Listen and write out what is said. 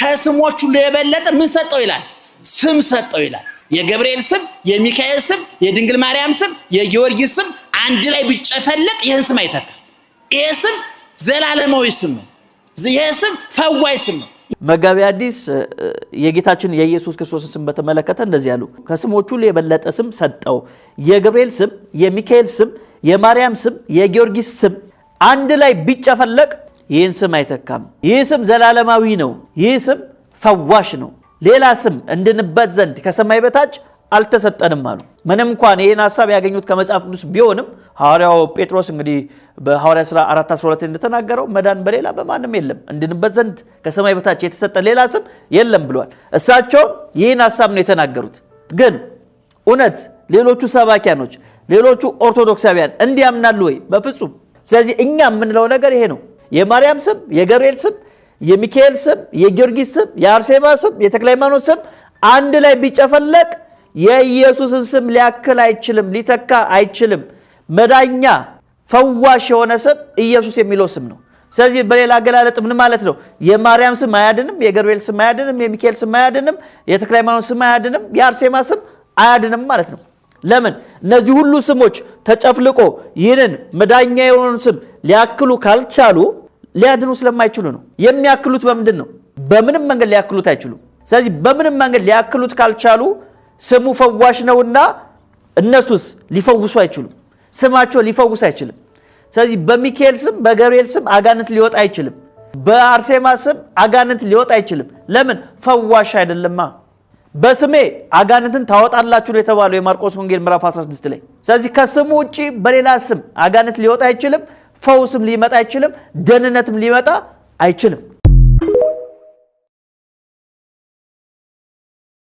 ከስሞች ሁሉ የበለጠ ምን ሰጠው ይላል? ስም ሰጠው ይላል። የገብርኤል ስም፣ የሚካኤል ስም፣ የድንግል ማርያም ስም፣ የጊዮርጊስ ስም አንድ ላይ ቢጨፈለቅ ይህን ስም አይተካም። ይህ ስም ዘላለማዊ ስም ነው። ይህ ስም ፈዋይ ስም ነው። መጋቢ አዲስ የጌታችን የኢየሱስ ክርስቶስን ስም በተመለከተ እንደዚህ ያሉ፣ ከስሞች ሁሉ የበለጠ ስም ሰጠው። የገብርኤል ስም፣ የሚካኤል ስም፣ የማርያም ስም፣ የጊዮርጊስ ስም አንድ ላይ ቢጨፈለቅ ይህን ስም አይተካም። ይህ ስም ዘላለማዊ ነው። ይህ ስም ፈዋሽ ነው። ሌላ ስም እንድንበት ዘንድ ከሰማይ በታች አልተሰጠንም አሉ። ምንም እንኳን ይህን ሀሳብ ያገኙት ከመጽሐፍ ቅዱስ ቢሆንም ሐዋርያው ጴጥሮስ እንግዲህ በሐዋርያ ሥራ 4፥12 እንደተናገረው መዳን በሌላ በማንም የለም፣ እንድንበት ዘንድ ከሰማይ በታች የተሰጠ ሌላ ስም የለም ብሏል። እሳቸውም ይህን ሀሳብ ነው የተናገሩት። ግን እውነት ሌሎቹ ሰባኪያኖች፣ ሌሎቹ ኦርቶዶክሳውያን እንዲያምናሉ ወይ? በፍጹም። ስለዚህ እኛ የምንለው ነገር ይሄ ነው። የማርያም ስም፣ የገብርኤል ስም፣ የሚካኤል ስም፣ የጊዮርጊስ ስም፣ የአርሴማ ስም፣ የተክለ ሃይማኖት ስም አንድ ላይ ቢጨፈለቅ የኢየሱስን ስም ሊያክል አይችልም፣ ሊተካ አይችልም። መዳኛ ፈዋሽ የሆነ ስም ኢየሱስ የሚለው ስም ነው። ስለዚህ በሌላ አገላለጥ ምን ማለት ነው? የማርያም ስም አያድንም፣ የገብርኤል ስም አያድንም፣ የሚካኤል ስም አያድንም፣ የተክለ ሃይማኖት ስም አያድንም፣ የአርሴማ ስም አያድንም ማለት ነው። ለምን? እነዚህ ሁሉ ስሞች ተጨፍልቆ ይህንን መዳኛ የሆነውን ስም ሊያክሉ ካልቻሉ ሊያድኑ ስለማይችሉ ነው። የሚያክሉት በምንድን ነው? በምንም መንገድ ሊያክሉት አይችሉም። ስለዚህ በምንም መንገድ ሊያክሉት ካልቻሉ ስሙ ፈዋሽ ነውና እነሱስ ሊፈውሱ አይችሉም። ስማቸው ሊፈውስ አይችልም። ስለዚህ በሚካኤል ስም በገብርኤል ስም አጋንንት ሊወጣ አይችልም። በአርሴማ ስም አጋንንት ሊወጣ አይችልም። ለምን? ፈዋሽ አይደለማ። በስሜ አጋንንትን ታወጣላችሁ ነው የተባለው የማርቆስ ወንጌል ምዕራፍ 16 ላይ። ስለዚህ ከስሙ ውጭ በሌላ ስም አጋንንት ሊወጣ አይችልም። ፈውስም ሊመጣ አይችልም፣ ደህንነትም ሊመጣ አይችልም።